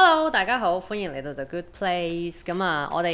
Hello，大家好，歡迎嚟到 The Good Place。咁、嗯、啊、嗯，我哋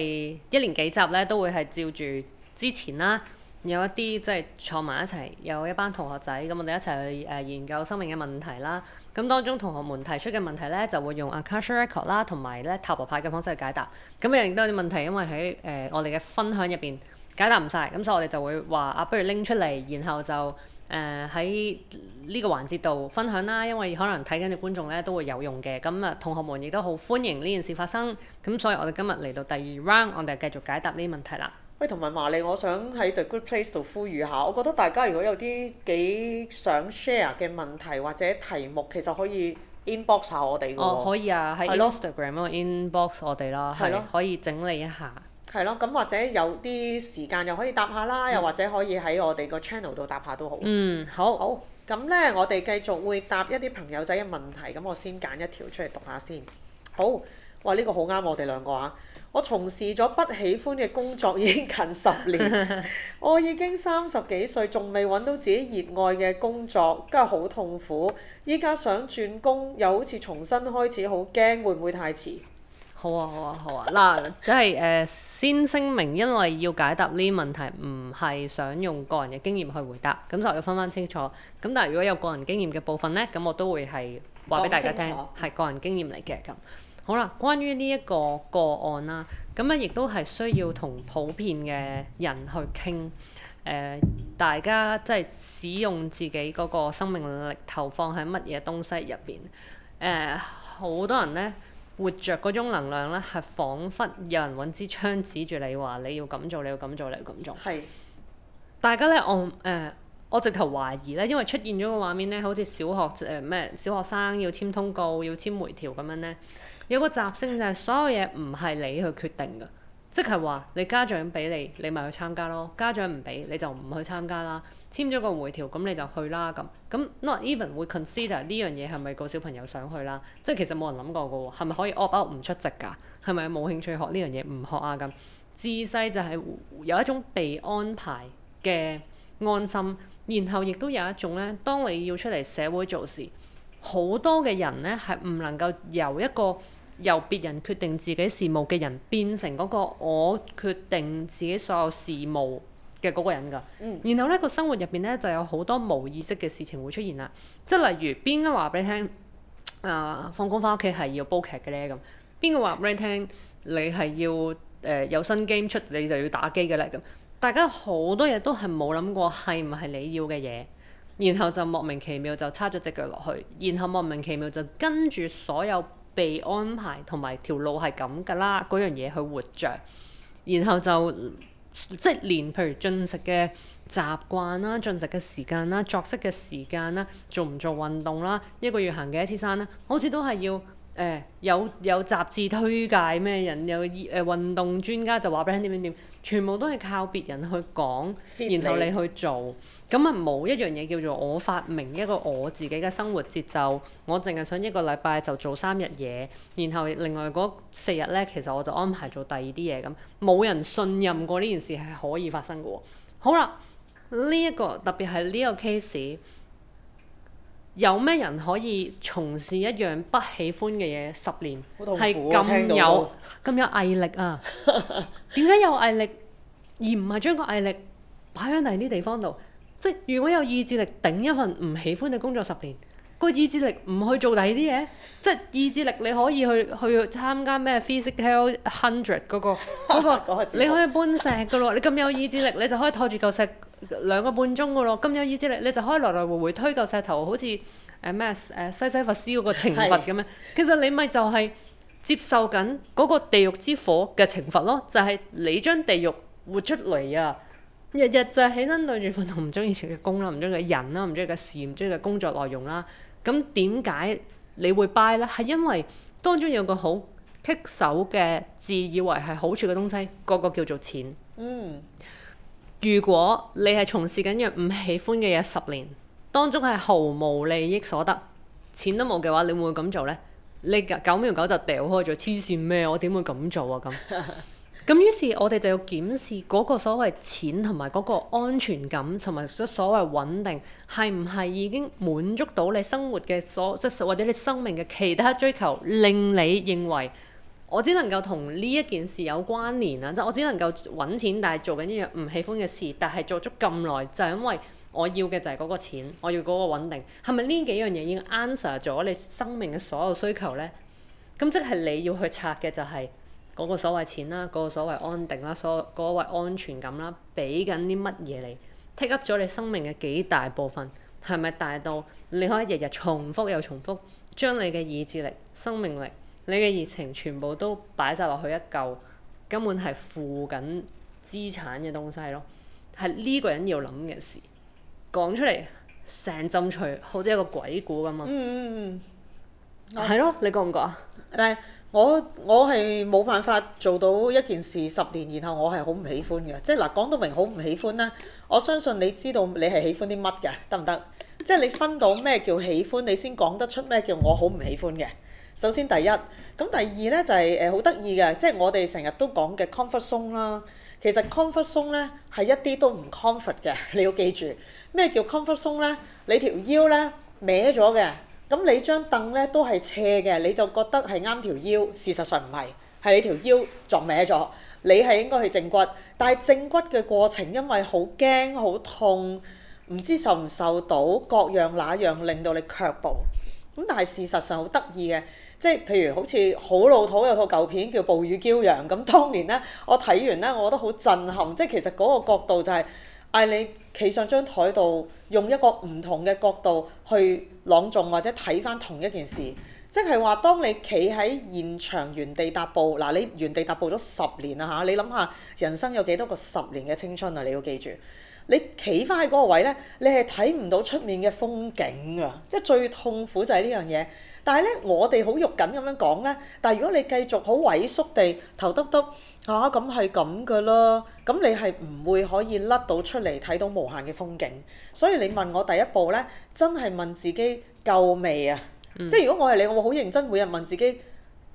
一連幾集咧都會係照住之前啦，有一啲即係坐埋一齊，有一班同學仔咁、嗯，我哋一齊去誒、呃、研究生命嘅問題啦。咁、嗯、當中同學們提出嘅問題咧，就會用 Akasha Record 啦，同埋咧塔羅牌嘅方式去解答。咁亦都有啲問題，因為喺誒、呃、我哋嘅分享入邊解答唔晒，咁、嗯、所以我哋就會話啊，不如拎出嚟，然後就，誒喺呢個環節度分享啦，因為可能睇緊嘅觀眾咧都會有用嘅。咁、嗯、啊同學們亦都好歡迎呢件事發生。咁、嗯、所以我哋今日嚟到第二 round，我哋繼續解答呢啲問題啦。喂，同埋華利，我想喺 The Good Place 度呼籲下，我覺得大家如果有啲幾想 share 嘅問題或者題目，其實可以 inbox 下我哋㗎喎。哦，可以啊，喺 Instagram 啊，的 inbox 我哋啦，係，的可以整理一下。係咯，咁或者有啲時間又可以答下啦，嗯、又或者可以喺我哋個 channel 度答下都好。嗯，好好。咁呢，我哋繼續會答一啲朋友仔嘅問題。咁我先揀一條出嚟讀下先。好，哇！呢、呢個好啱我哋兩個啊。我從事咗不喜歡嘅工作已經近十年， 我已經三十幾歲，仲未揾到自己熱愛嘅工作，真係好痛苦。依家想轉工，又好似重新開始，好驚，會唔會太遲？好啊，好啊，好啊，好啊！嗱，即係誒、呃、先聲明，因為要解答呢啲問題，唔係想用個人嘅經驗去回答，咁就要分翻清楚。咁但係如果有個人經驗嘅部分呢，咁我都會係話俾大家聽，係個人經驗嚟嘅。咁好啦，關於呢一個個案啦、啊，咁啊亦都係需要同普遍嘅人去傾。誒、呃，大家即係使用自己嗰個生命力投放喺乜嘢東西入邊？誒、呃，好多人呢。活着嗰種能量咧，係彷彿有人揾支槍指住你話：你要咁做，你要咁做，你要咁做。係是。大家咧，我誒、呃，我直頭懷疑咧，因為出現咗個畫面咧，好似小學誒咩、呃、小學生要簽通告、要簽回條咁樣咧，有個雜聲就係所有嘢唔係你去決定嘅。即係話，你家長俾你，你咪去參加咯；家長唔俾，你就唔去參加啦。簽咗個回條，咁你就去啦。咁咁，not even 會 consider 呢樣嘢係咪個小朋友想去啦？即係其實冇人諗過嘅喎，係咪可以 opt out 唔出席㗎？係咪冇興趣學呢樣嘢唔學啊？咁自細就係有一種被安排嘅安心，然後亦都有一種咧，當你要出嚟社會做事，好多嘅人咧係唔能夠由一個。由別人決定自己事務嘅人變成嗰個我決定自己所有事務嘅嗰個人㗎。嗯、然後呢個生活入邊呢，就有好多冇意識嘅事情會出現啦。即係例如邊個話俾你聽？誒、呃，放工翻屋企係要煲劇嘅呢？咁。邊個話俾你聽？你係要誒、呃、有新 game 出，你就要打機嘅咧咁。大家好多嘢都係冇諗過係唔係你要嘅嘢，然後就莫名其妙就叉咗隻腳落去，然後莫名其妙就跟住所有。被安排同埋條路係咁噶啦，嗰樣嘢去活着。然後就即係連譬如進食嘅習慣啦、進食嘅時間啦、作息嘅時間啦、做唔做運動啦、一個月行幾多次山啦，好似都係要。誒、哎、有有雜誌推介咩人，有誒、呃、運動專家就話俾你聽點點點，全部都係靠別人去講，你然後你去做，咁啊冇一樣嘢叫做我發明一個我自己嘅生活節奏，我淨係想一個禮拜就做三日嘢，然後另外嗰四日咧，其實我就安排做第二啲嘢咁，冇人信任過呢件事係可以發生嘅喎、哦。好啦，呢、這、一個特別係呢個 case。有咩人可以從事一樣不喜歡嘅嘢十年，係咁、啊、有咁到有毅力啊？點解 有毅力而唔係將個毅力擺喺第啲地方度？即、就係、如果有意志力頂一份唔喜歡嘅工作十年。個意志力唔去做第二啲嘢，即係意志力你可以去去參加咩 Physical Hundred 嗰、嗰個嗰個你可以搬石噶咯， 你咁有意志力，你就可以拖住嚿石兩個半鐘噶咯，咁有意志力你就可以來來回回推嚿石頭，好似誒咩誒西西佛斯嗰個懲罰咁樣，是其實你咪就係接受緊嗰個地獄之火嘅懲罰咯，就係、是、你將地獄活出嚟啊！日日就起身對住份同唔中意食嘅工啦，唔中意嘅人啦，唔中意嘅事，唔中意嘅工作內容啦。咁點解你會 buy 呢？係因為當中有個好棘手嘅自以為係好處嘅東西，個個叫做錢。嗯。如果你係從事緊樣唔喜歡嘅嘢十年，當中係毫無利益所得，錢都冇嘅話，你會唔會咁做呢？你九秒九就掉開咗，黐線咩？我點會咁做啊？咁。 咁於是，我哋就要檢視嗰個所謂錢同埋嗰個安全感，同埋所所謂穩定，係唔係已經滿足到你生活嘅所即或者你生命嘅其他追求，令你認為我只能夠同呢一件事有關聯啊！即係我只能夠揾錢，但係做緊一樣唔喜歡嘅事，但係做足咁耐，就係因為我要嘅就係嗰個錢，我要嗰個穩定，係咪呢幾樣嘢已經 answer 咗你生命嘅所有需求呢？咁即係你要去拆嘅就係。嗰個所謂錢啦，嗰個所謂安定啦，所嗰個為安全感啦，俾緊啲乜嘢你？take up 咗你生命嘅幾大部分，係咪大到你可以日日重複又重複，將你嘅意志力、生命力、你嘅熱情全部都擺晒落去一嚿，根本係負緊資產嘅東西咯？係呢個人要諗嘅事，講出嚟成浸脆，好似一個鬼故咁嘛，嗯。嗯嗯嗯，係咯，你覺唔覺啊？但係 我我係冇辦法做到一件事十年，然後我係好唔喜歡嘅，即係嗱講到明好唔喜歡啦。我相信你知道你係喜歡啲乜嘅，得唔得？即係你分到咩叫喜歡，你先講得出咩叫我好唔喜歡嘅。首先第一，咁第二咧就係誒好得意嘅，即係我哋成日都講嘅 comfort zone 啦。其實 comfort zone 咧係一啲都唔 comfort 嘅，你要記住咩叫 comfort zone 咧？你條腰咧歪咗嘅。咁你張凳咧都係斜嘅，你就覺得係啱條腰，事實上唔係，係你條腰撞歪咗。你係應該去正骨，但係正骨嘅過程因為好驚、好痛，唔知受唔受到，各樣那樣令到你卻步。咁但係事實上好得意嘅，即係譬如好似好老土有套舊片叫《暴雨驕陽》，咁當年呢，我睇完呢，我覺得好震撼，即係其實嗰個角度就係、是。嗌你企上張枱度，用一個唔同嘅角度去朗誦或者睇翻同一件事。即係話，當你企喺現場原地踏步，嗱、啊、你原地踏步咗十年啊。嚇，你諗下人生有幾多個十年嘅青春啊？你要記住，你企翻喺嗰個位呢，你係睇唔到出面嘅風景啊！即係最痛苦就係呢樣嘢。但係呢，我哋好肉緊咁樣講呢。但係如果你繼續好萎縮地頭耷耷，嚇咁係咁嘅咯，咁、啊、你係唔會可以甩到出嚟睇到無限嘅風景。所以你問我第一步呢，真係問自己夠未啊？嗯、即係如果我係你，我會好認真每日問自己：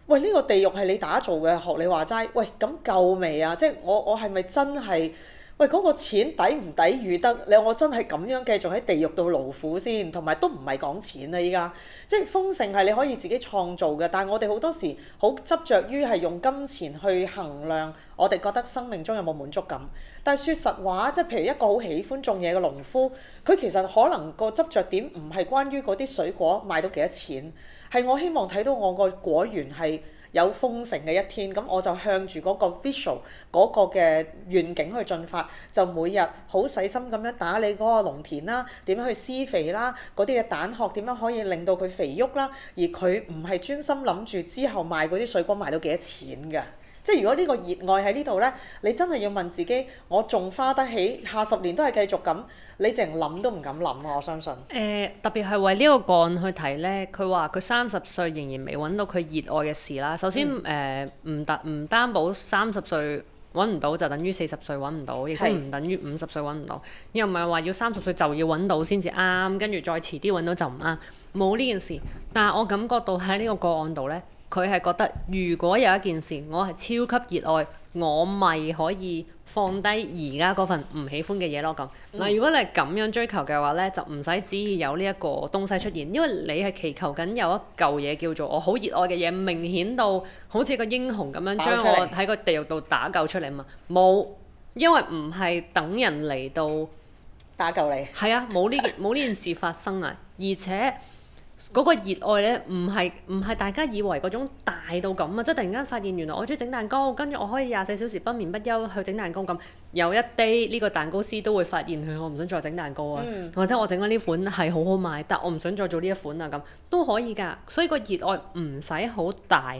喂，呢、這個地獄係你打造嘅，學你話齋，喂，咁夠未啊？即係我我係咪真係？喂，嗰、嗰個錢抵唔抵遇得？你我真係咁樣繼續喺地獄度勞苦先，同埋都唔係講錢啦依家。即係豐盛係你可以自己創造嘅，但係我哋好多時好執着於係用金錢去衡量我哋覺得生命中有冇滿足感。但係說實話，即係譬如一個好喜歡種嘢嘅農夫，佢其實可能個執着點唔係關於嗰啲水果賣到幾多錢，係我希望睇到我個果園係有豐盛嘅一天，咁我就向住嗰個 visual 嗰個嘅願景去進發，就每日好細心咁樣打理嗰個農田啦，點樣去施肥啦，嗰啲嘅蛋殼點樣可以令到佢肥沃啦，而佢唔係專心諗住之後賣嗰啲水果賣到幾多錢㗎。即係如果呢個熱愛喺呢度呢，你真係要問自己，我仲花得起下十年都係繼續咁，你淨諗都唔敢諗、啊、我相信。誒、呃，特別係為呢個個案去提呢，佢話佢三十歲仍然未揾到佢熱愛嘅事啦。首先誒，唔得唔擔保三十歲揾唔到就等於四十歲揾唔到，亦都唔等於五十歲揾唔到。是又唔係話要三十歲就要揾到先至啱，跟住再遲啲揾到就唔啱，冇呢件事。但係我感覺到喺呢個個案度呢。佢係覺得，如果有一件事我係超級熱愛，我咪可以放低而家嗰份唔喜歡嘅嘢咯。咁嗱、嗯，如果你係咁樣追求嘅話呢，就唔使指意有呢一個東西出現，因為你係祈求緊有一嚿嘢叫做我好熱愛嘅嘢，明顯到好似個英雄咁樣將我喺個地獄度打救出嚟嘛。冇，因為唔係等人嚟到打救你。係啊，冇呢件冇呢 件事發生啊，而且。嗰個熱愛咧，唔係唔係大家以為嗰種大到咁啊！即係突然間發現原來我中意整蛋糕，跟住我可以廿四小時不眠不休去整蛋糕咁。有一 day 呢個蛋糕師都會發現佢我唔想再整蛋糕啊，嗯、或者我整咗呢款係好好賣，但我唔想再做呢一款啊，咁都可以㗎。所以個熱愛唔使好大，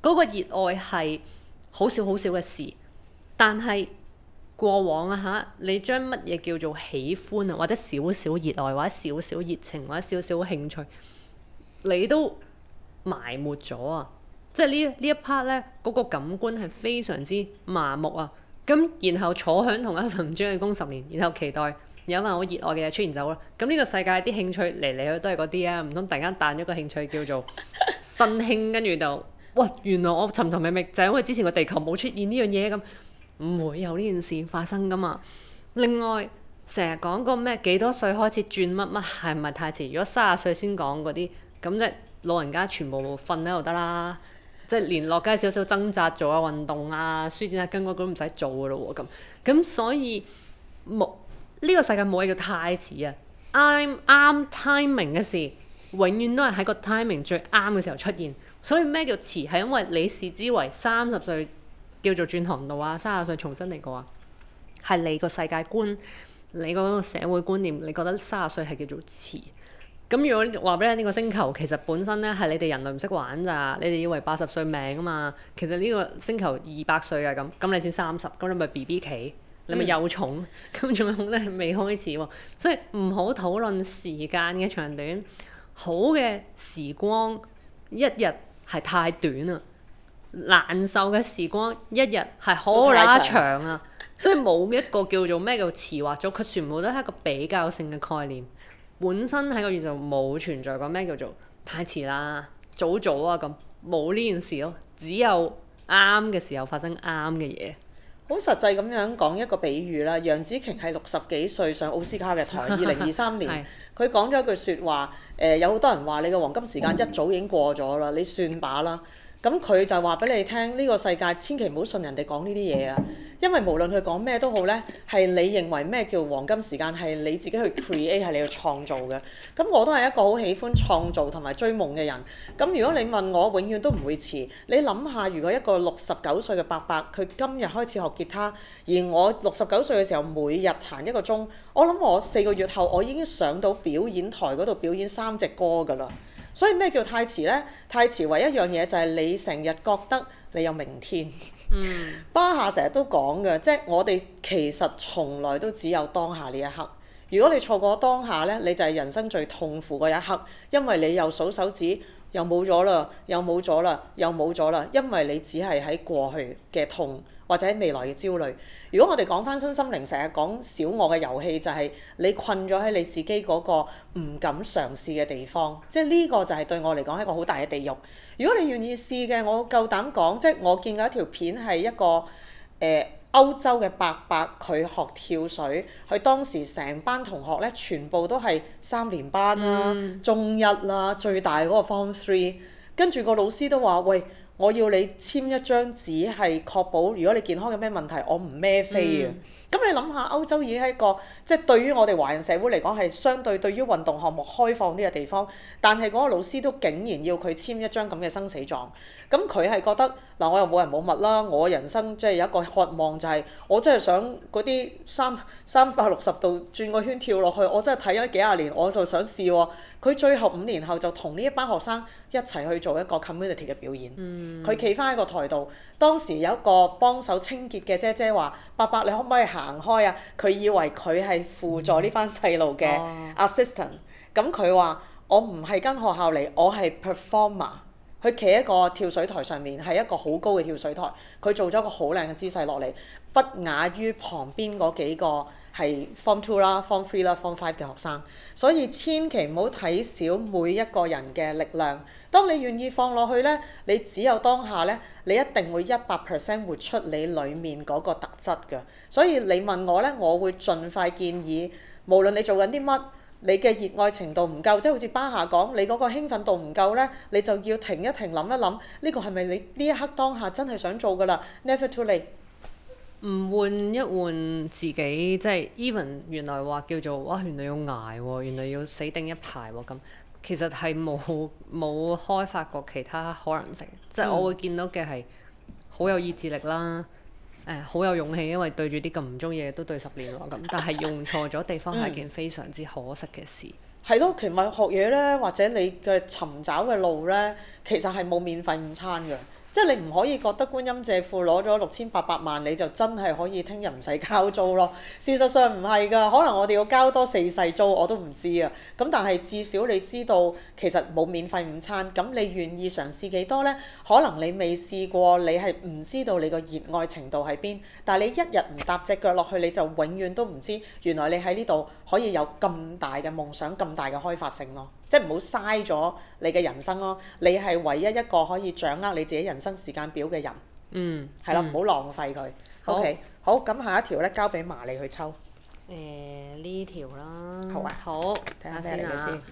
嗰、嗰個熱愛係好少好少嘅事。但係過往啊吓，你將乜嘢叫做喜歡啊？或者少少熱愛，或者少少熱情，或者少少興趣。你都埋沒咗啊！即係呢呢一 part 呢，嗰、那個感官係非常之麻木啊。咁然後坐響同一份唔中意工十年，然後期待有份好熱愛嘅嘢出現走啦。咁呢個世界啲興趣嚟嚟去都係嗰啲啊，唔通突然間彈咗個興趣叫做新興，跟住就哇！原來我尋尋覓覓就係、是、因為之前個地球冇出現呢樣嘢咁，唔會有呢件事發生㗎嘛。另外成日講個咩幾多歲開始轉乜乜係唔係太遲？如果三十歲先講嗰啲。咁即係老人家全部瞓喺度得啦，即係連落街少少掙扎做下、啊、運動啊、舒展下筋骨都唔使做噶咯喎咁。咁所以冇呢、這個世界冇嘢叫太遲啊！啱啱、right、timing 嘅事，永遠都係喺個 timing 最啱嘅時候出現。所以咩叫遲？係因為你視之為三十歲叫做轉行道啊，三十歲重新嚟過啊，係你個世界觀、你嗰個社會觀念，你覺得三十歲係叫做遲。咁如果話俾你呢個星球其實本身咧係你哋人類唔識玩咋，你哋以為八十歲命啊嘛，其實呢個星球二百歲嘅咁，咁你先三十，咁你咪 B B 企，你咪幼蟲，咁仲有咧未開始喎、啊，所以唔好討論時間嘅長短，好嘅時光一日係太短啦，難受嘅時光一日係好拉長啊，太長 所以冇一個叫做咩叫遲或早，佢全部都係一個比較性嘅概念。本身喺個宇宙冇存在過咩叫做太遲啦、早早啊咁，冇呢件事咯，只有啱嘅時候發生啱嘅嘢。好實際咁樣講一個比喻啦，楊紫瓊係六十幾歲上奧斯卡嘅台，二零二三年，佢講咗一句説話，誒、呃、有好多人話你嘅黃金時間一早已經過咗啦，你算把啦。咁佢就話俾你聽，呢個世界千祈唔好信人哋講呢啲嘢啊！因為無論佢講咩都好呢，係你認為咩叫黃金時間，係你自己去 create，係你去創造嘅。咁我都係一個好喜歡創造同埋追夢嘅人。咁如果你問我，永遠都唔會遲。你諗下，如果一個六十九歲嘅伯伯，佢今日開始學吉他，而我六十九歲嘅時候每日彈一個鐘，我諗我四個月後，我已經上到表演台嗰度表演三隻歌㗎啦。所以咩叫太遲呢？太遲唯一一樣嘢就係你成日覺得你有明天。 巴夏成日都講嘅，即係我哋其實從來都只有當下呢一刻。如果你錯過當下呢，你就係人生最痛苦嗰一刻，因為你又數手指，又冇咗啦，又冇咗啦，又冇咗啦，因為你只係喺過去嘅痛，或者未來嘅焦慮，如果我哋講翻身心靈，成日講小我嘅遊戲，就係、是、你困咗喺你自己嗰個唔敢嘗試嘅地方，即係呢個就係對我嚟講係一個好大嘅地獄。如果你願意試嘅，我夠膽講，即係我見過一條片係一個誒歐、呃、洲嘅伯伯，佢學跳水，佢當時成班同學咧全部都係三年班啦、嗯、中一啦、最大嗰個 form three，跟住個老師都話喂。我要你簽一張紙，係確保如果你健康有咩問題，我唔孭飛嘅。嗯。咁你諗下，歐洲已經係一個即係對於我哋華人社會嚟講係相對對於運動項目開放啲嘅地方，但係嗰個老師都竟然要佢簽一張咁嘅生死狀。咁佢係覺得嗱，我又冇人冇物啦，我人生即係有一個渴望就係，我真係想嗰啲三三百六十度轉個圈跳落去，我真係睇咗幾廿年，我就想試喎。佢最後五年後就同呢一班學生一齊去做一個 community 嘅表演。佢企翻喺個台度，當時有一個幫手清潔嘅姐姐話：伯伯，你可唔可以？行開啊！佢以為佢係輔助呢班細路嘅 assistant，咁佢話、嗯哦：我唔係跟學校嚟，我係 performer。佢企喺個跳水台上面，係一個好高嘅跳水台，佢做咗個好靚嘅姿勢落嚟，不亞於旁邊嗰幾個。係 Form Two 啦、Form Three 啦、Form Five 嘅學生，所以千祈唔好睇小每一個人嘅力量。當你願意放落去呢，你只有當下呢，你一定會一百 percent 活出你裡面嗰個特質㗎。所以你問我呢，我會盡快建議，無論你做緊啲乜，你嘅熱愛程度唔夠，即係好似巴夏講，你嗰個興奮度唔夠呢，你就要停一停想一想，諗一諗，呢個係咪你呢一刻當下真係想做㗎啦？Never too late。唔換一換自己，即係 even 原來話叫做哇，原來要捱喎，原來要死定一排喎咁。其實係冇冇開發過其他可能性，即係我會見到嘅係好有意志力啦，好、嗯呃、有勇氣，因為對住啲咁唔中意嘅都對十年喎咁。但係用錯咗地方係件非常之可惜嘅事。係咯、 嗯， 其實學嘢呢，或者你嘅尋找嘅路呢，其實係冇免費午餐㗎。即係你唔可以覺得觀音借庫攞咗六千八百萬，你就真係可以聽日唔使交租咯。事實上唔係㗎，可能我哋要交多四世租我都唔知啊。咁但係至少你知道其實冇免費午餐，咁你願意嘗試幾多呢？可能你未試過，你係唔知道你個熱愛程度喺邊。但係你一日唔搭隻腳落去，你就永遠都唔知原來你喺呢度可以有咁大嘅夢想，咁大嘅開發性咯。即係唔好嘥咗你嘅人生咯，啊，你係唯一一個可以掌握你自己人生時間表嘅人。嗯，係啦的，唔好，嗯、浪費佢。好 OK，好，咁下一條咧，交俾麻利去抽。誒呢、欸、條啦。好啊。好。睇下咩嚟嘅先。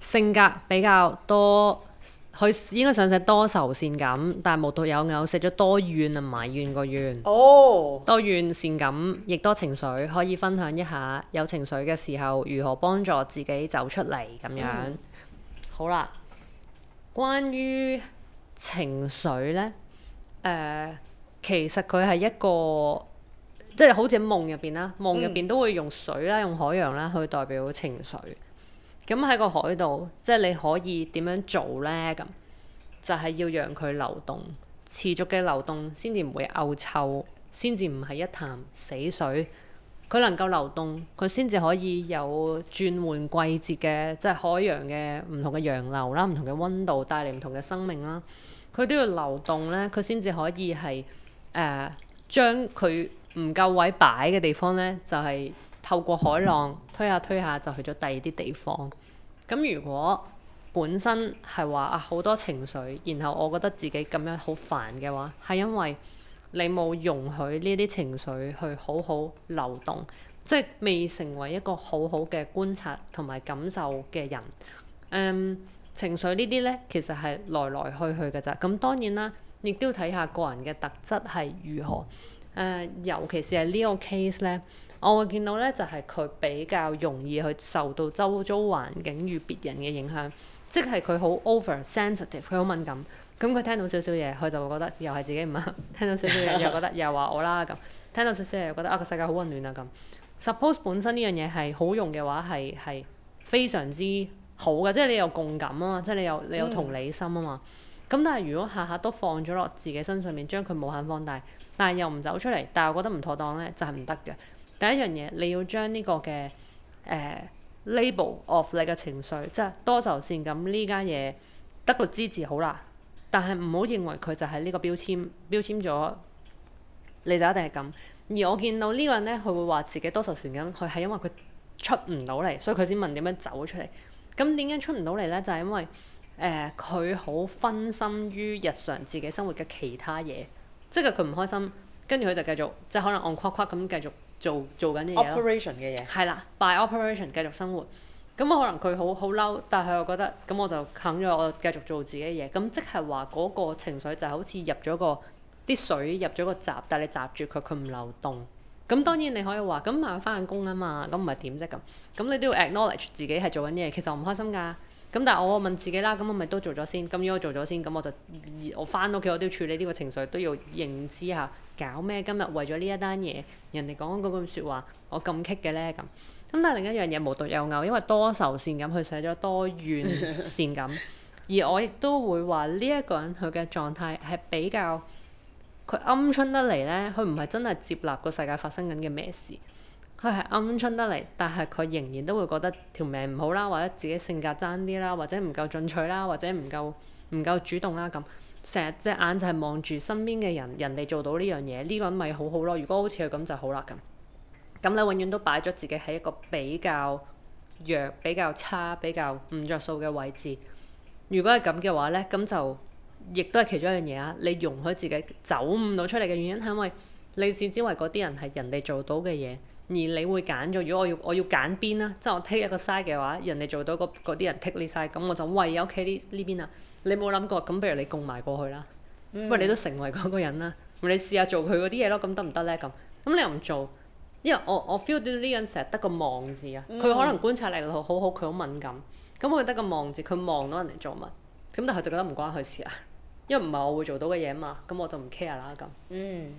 性格比較多。佢應該想寫多愁善感，但係無獨有偶，寫咗多怨啊，埋怨個怨。哦。多怨善感，亦多情緒。可以分享一下有情緒嘅時候，如何幫助自己走出嚟咁樣。Mm. 好啦，關於情緒呢，誒、呃，其實佢係一個，即係好似喺夢入邊啦，夢入邊都會用水啦，用海洋啦去代表情緒。.咁喺個海度，即係你可以點樣做呢？咁就係要讓佢流動，持續嘅流動先至唔會嘔臭，先至唔係一潭死水。佢能夠流動，佢先至可以有轉換季節嘅，即係海洋嘅唔同嘅洋流啦，唔同嘅溫度帶嚟唔同嘅生命啦。佢都要流動呢，佢先至可以係誒將佢唔夠位擺嘅地方呢，就係透過海浪。嗯推下推下就去咗第二啲地方。咁如果本身係話啊，好多情緒，然後我覺得自己咁樣好煩嘅話，係因為你冇容許呢啲情緒去好好流動，即係未成為一個好好嘅觀察同埋感受嘅人。誒情緒呢啲呢，其實係來來去去嘅咋。咁當然啦，亦都要睇下個人嘅特質係如何。誒尤其是係呢個 case 呢。我會見到咧，就係、是、佢比較容易去受到周遭環境與別人嘅影響，即係佢好 over sensitive，佢好敏感。咁佢聽到少少嘢，佢就會覺得又係自己唔啱、啊；聽到少少嘢， 又覺得又話我啦咁；聽到少少嘢，又覺得啊、這個世界好溫暖啊咁。Suppose 本身呢樣嘢係好用嘅話，係係非常之好嘅，即係你有共感啊嘛，即係你有你有同理心啊嘛。咁、嗯、但係如果下下都放咗落自己身上面，將佢無限放大，但係又唔走出嚟，但係我覺得唔妥當咧，就係唔得嘅。第一樣嘢，你要將呢個嘅誒、呃、label of 你嘅情緒，即係多愁善感呢間嘢得個知字好啦。但係唔好認為佢就係呢個標籤標籤咗，你就一定係咁。而我見到呢個人咧，佢會話自己多愁善感，佢係因為佢出唔到嚟，所以佢先問點樣走出嚟。咁點解出唔到嚟咧？就係、是、因為誒佢好分心於日常自己生活嘅其他嘢，即係佢唔開心，跟住佢就繼續即係可能按框框咁繼續。做做緊 operation 嘅嘢，係啦，by operation 繼續生活。咁可能佢好好嬲，但係我覺得，咁我就肯咗，我繼續做自己嘅嘢。咁即係話嗰個情緒就好似入咗個啲水入咗個閘，但係你閘住佢，佢唔流動。咁當然你可以話，咁晚翻份工啊嘛，咁唔係點啫咁？咁你都要 acknowledge 自己係做緊嘢，其實我唔開心㗎。咁但係我問自己啦，咁我咪都做咗先，咁樣我做咗先，咁我就我返屋企我都要處理呢個情緒，都要認知下搞咩？今日為咗呢一單嘢，人哋講嗰句説話，我咁棘嘅咧咁。咁但係另一樣嘢無獨有偶，因為多愁善感，佢寫咗多怨善感。 而我亦都會話呢一個人佢嘅狀態係比較佢噏出得嚟咧，佢唔係真係接納個世界發生緊嘅咩事。佢係鵪鶉得嚟，但係佢仍然都會覺得條命唔好啦，或者自己性格爭啲啦，或者唔夠進取啦，或者唔夠唔夠主動啦。咁成日隻眼就係望住身邊嘅人，人哋做到呢樣嘢，呢個咪好好咯。如果好似佢咁就好啦。咁咁你永遠都擺咗自己喺一個比較弱、比較差、比較唔着數嘅位置。如果係咁嘅話呢，咁就亦都係其中一樣嘢啊。你容許自己走唔到出嚟嘅原因係因為你視之為嗰啲人係人哋做到嘅嘢。而你會揀咗，如果我要我要揀邊啦，即係我 take 一個 side 嘅話，人哋做到嗰啲人 take 呢 side 咁我就喂你屋企呢呢邊啊，你冇諗過咁？譬如你共埋過去啦，因為、mm hmm. 你都成為嗰個人啦，你試下做佢嗰啲嘢咯，咁得唔得咧？咁咁你又唔做，因為我我 feel 到呢個人成日得個望字啊，佢、mm hmm. 可能觀察力好好好，佢好敏感，咁佢得個望字，佢望到人哋做乜，咁但係佢就覺得唔關佢事啊，因為唔係我會做到嘅嘢啊嘛，咁我就唔 care 啦咁。嗯、mm。Hmm.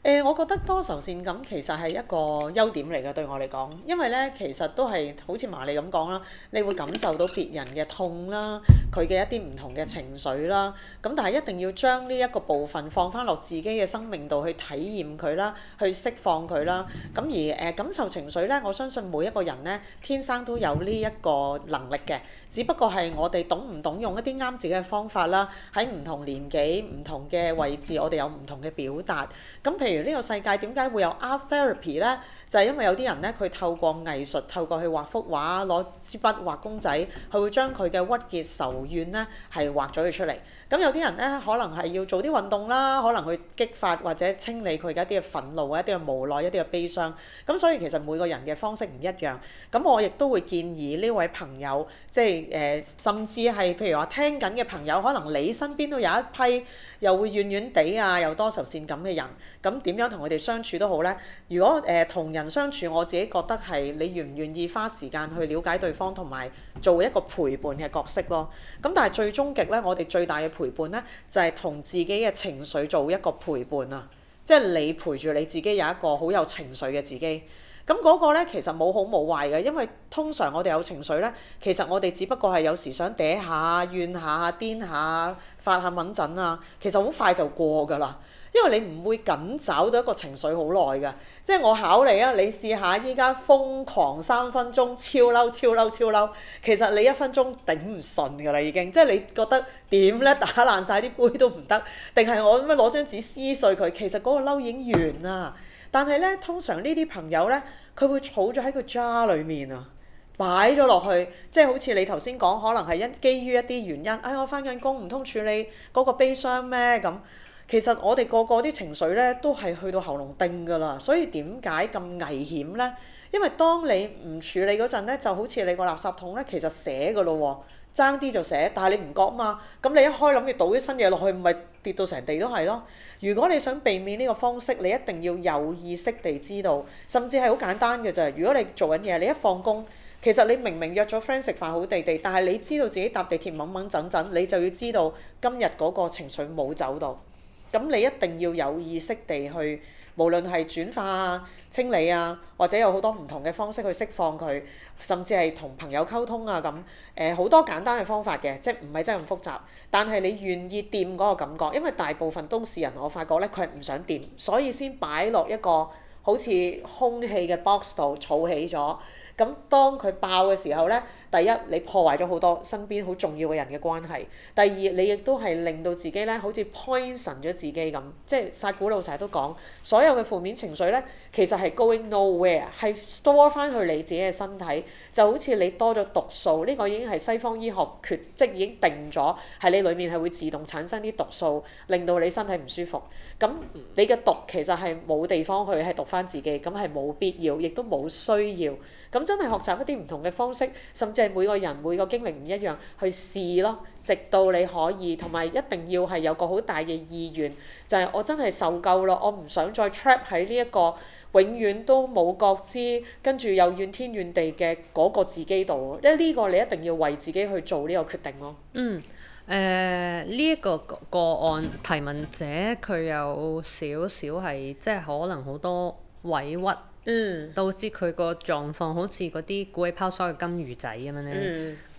誒、呃，我覺得多愁善感其實係一個優點嚟嘅，對我嚟講，因為咧，其實都係好似瑪莉咁講啦，你會感受到別人嘅痛啦，佢嘅一啲唔同嘅情緒啦，咁但係一定要將呢一個部分放翻落自己嘅生命度去體驗佢啦，去釋放佢啦。咁而誒感受情緒咧，我相信每一個人咧天生都有呢一個能力嘅，只不過係我哋懂唔懂用一啲啱自己嘅方法啦，喺唔同年紀、唔同嘅位置，我哋有唔同嘅表達。咁譬如。譬如呢、這個世界點解會有 art therapy 咧？就係、是、因為有啲人咧，佢透過藝術，透過去畫幅畫，攞支筆畫公仔，佢會將佢嘅鬱結仇怨咧，係畫咗佢出嚟。咁有啲人咧，可能係要做啲運動啦，可能去激發或者清理佢而家啲嘅憤怒啊、一啲嘅無奈、一啲嘅悲傷，咁所以其實每個人嘅方式唔一樣，咁我亦都會建議呢位朋友，即係誒、呃、甚至係譬如話聽緊嘅朋友，可能你身邊都有一批又會怨怨地啊，又多愁善感嘅人，咁。點樣同佢哋相處都好咧？如果誒同、呃、人相處，我自己覺得係你願唔願意花時間去了解對方，同埋做一個陪伴嘅角色咯。咁但係最終極咧，我哋最大嘅陪伴咧，就係、是、同自己嘅情緒做一個陪伴啊！即係你陪住你自己有一個好有情緒嘅自己。咁嗰個咧其實冇好冇壞嘅，因為通常我哋有情緒咧，其實我哋只不過係有時想嗲下、怨下、癲下、發下矇震啊，其實好快就過㗎啦。因為你唔會緊找到一個情緒好耐㗎。即係我考你啊，你試下依家瘋狂三分鐘，超嬲、超嬲、超嬲，其實你一分鐘頂唔順㗎啦已經了了。即係你覺得點咧？打爛晒啲杯都唔得，定係我咁樣攞張紙撕碎佢？其實嗰個嬲已經完啦。但係咧，通常呢啲朋友咧，佢會儲咗喺個 jar 裏面啊，擺咗落去，即係好似你頭先講，可能係因基於一啲原因，哎，我翻緊工唔通處理嗰個悲傷咩咁？其實我哋個個啲情緒咧，都係去到喉嚨叮㗎啦，所以點解咁危險咧？因為當你唔處理嗰陣咧，就好似你個垃圾桶咧，其實寫㗎咯喎。爭啲就寫，但係你唔覺啊嘛？咁你一開諗要倒啲新嘢落去，咪跌到成地都係咯。如果你想避免呢個方式，你一定要有意識地知道，甚至係好簡單嘅就係。如果你做緊嘢，你一放工，其實你明明約咗 friend 食飯好地地，但係你知道自己搭地鐵掹掹整整，你就要知道今日嗰個情緒冇走到。咁你一定要有意識地去。無論係轉化啊、清理啊，或者有好多唔同嘅方式去釋放佢，甚至係同朋友溝通啊咁，誒，呃，好多簡單嘅方法嘅，即係唔係真係咁複雜。但係你願意掂嗰個感覺，因為大部分都市人我發覺咧，佢係唔想掂，所以先擺落一個好似空氣嘅 box 度儲起咗。咁當佢爆嘅時候呢，第一你破壞咗好多身邊好重要嘅人嘅關係，第二你亦都係令到自己呢好似 poison 咗自己咁，即係薩古魯成日都講，所有嘅負面情緒呢，其實係 going nowhere，係 store 翻去你自己嘅身體，就好似你多咗毒素。呢個已經係西方醫學決即係已經定咗，喺你裡面係會自動產生啲毒素，令到你身體唔舒服。咁你嘅毒其實係冇地方去，係毒翻自己，咁係冇必要，亦都冇需要。咁真係學習一啲唔同嘅方式，甚至係每個人每個經歷唔一樣，去試咯，直到你可以，同埋一定要係有個好大嘅意願，就係我真係受夠啦，我唔想再 trap 喺呢一個永遠都冇覺知，跟住又怨天怨地嘅嗰個自己度。即係呢個你一定要為自己去做呢個決定咯，啊。嗯，誒呢一個個案提問者佢有少少係即係可能好多委屈。嗯、導致佢個狀況好似嗰啲古井泡出嘅金魚仔咁樣咧。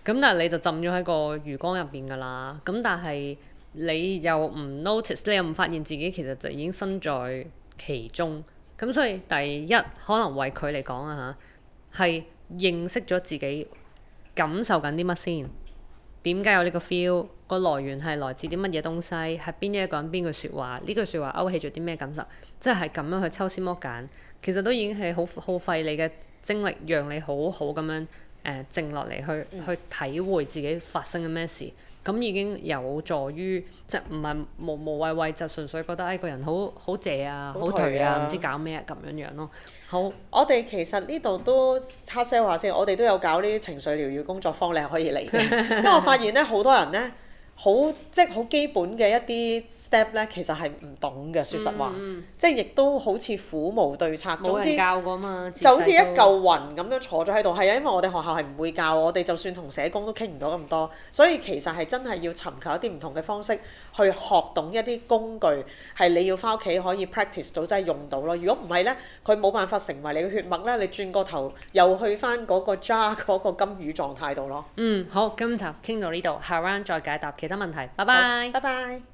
咁、嗯、但係你就浸咗喺個魚缸入邊噶啦。咁但係你又唔 notice，你又唔發現自己其實就已經身在其中。咁所以第一可能為佢嚟講啊嚇，係認識咗自己，感受緊啲乜先？點解有呢個 feel？個來源係來自啲乜嘢東西？係邊一個人？邊句説話？呢句説話勾起咗啲咩感受？即係咁樣去抽絲剝繭。其實都已經係好好費你嘅精力，讓你好好咁樣誒靜落嚟，去去體會自己發生嘅咩事，咁、嗯、已經有助於即係唔係無無謂謂，就純粹覺得誒個、哎、人好好謝啊，好頹啊，唔、啊、知搞咩咁樣樣咯。好，我哋其實呢度都黑聲話先，我哋都有搞呢啲情緒療愈工作坊，你係可以嚟嘅， 因為我發現咧好多人咧。 好即係好基本嘅一啲 step 咧，其實係唔懂嘅，說實話，嗯、即係亦都好似苦無對策，總之教過嘛，就好似一嚿雲咁樣坐咗喺度。係啊，因為我哋學校係唔會教我哋，就算同社工都傾唔到咁多，所以其實係真係要尋求一啲唔同嘅方式去學懂一啲工具，係你要翻屋企可以 practice 到真係用到咯。如果唔係咧，佢冇辦法成為你嘅血脈咧，你轉個頭又去翻嗰個 jar 嗰個金魚狀態度咯。嗯，好，今集傾到呢度，下 round 再解答其他問題，拜拜，好拜拜。拜拜。